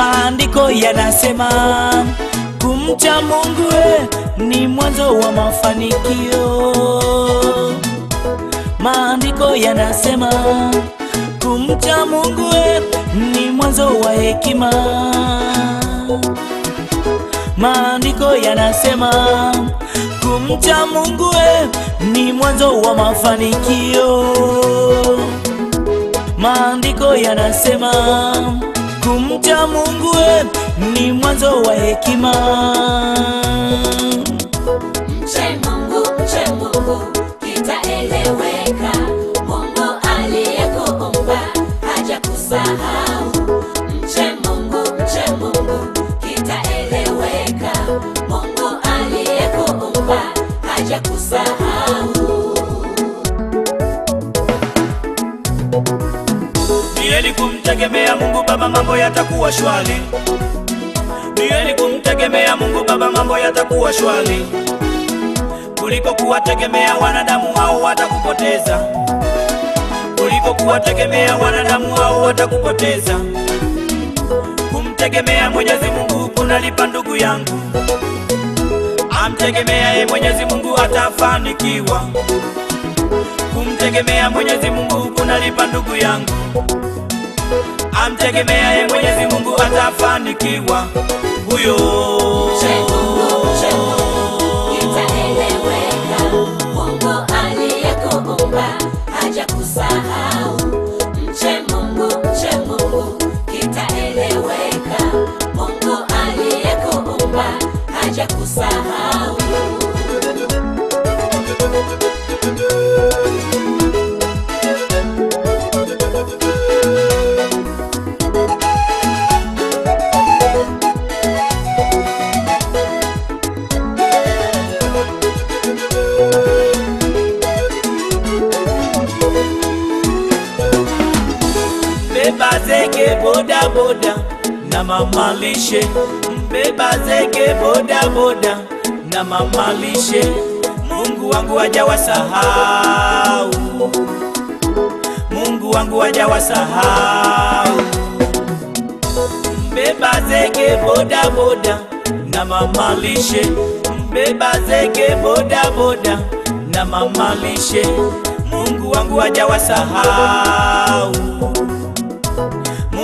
maandiko yanasema kumcha Mungu ni mwanzo wa mafanikio. Maandiko yanasema kumcha Mungu ni mwanzo wa hekima. Maandiko yanasema kumcha Mungu ni mwanzo wa mafanikio. Maandiko yanasema Kumcha Mungu ni mwanzo wa hekima. Niweni kumtegemea Mungu Baba, mambo yatakuwa shwari. Niweni kumtegemea Mungu Baba, mambo yatakuwa shwari kuliko kuwategemea wanadamu, hao watakupoteza. Kuliko kuwategemea wanadamu, au watakupoteza. Kumtegemea Mwenyezi Mungu kunalipa, ndugu yangu. Amtegemeaye Mwenyezi Mungu atafanikiwa. Kumtegemea Mwenyezi Mungu kunalipa, ndugu yangu amtegemeaye Mwenyezi Mungu atafanikiwa huyo bodaboda na mamalishe, mbeba zege bodaboda na mamalishe, Mungu wangu hajawasahau, Mungu wangu hajawasahau, mbeba zege bodaboda na mamalishe, mbeba zege bodaboda na mamalishe, Mungu wangu hajawasahau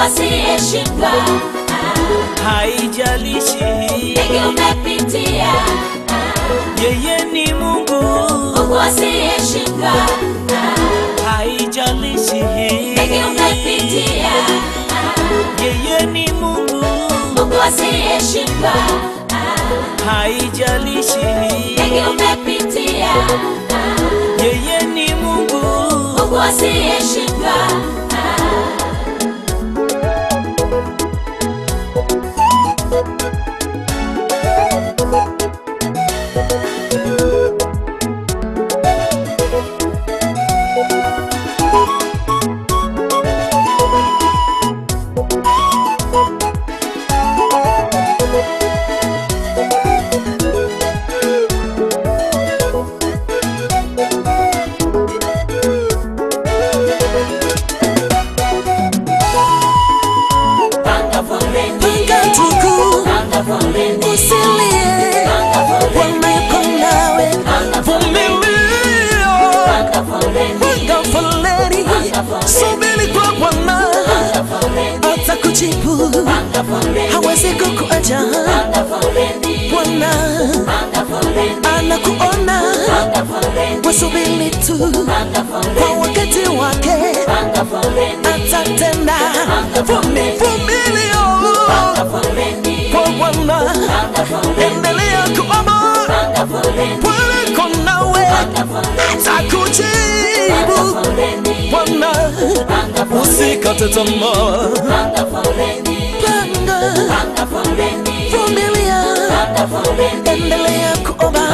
asiyeshindwa, haijalishi mengi umepitia, yeye ni Mungu, Mungu asiyeshindwa, haijalishi mengi umepitia, yeye ni Mungu, Mungu asiyeshindwa, haijalishi mengi umepitia, yeye ni Mungu, Mungu asiyeshindwa thank you usilie, hawezi kukuacha Bwana anakuona, wasubiri tu kwa wakati wake, atatenda. Vumilia. akujibu. Bwana, usikate tamaa, panga vumilia, endelea kuomba,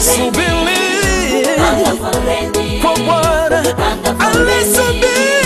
subiri kwa Bwana alisubiri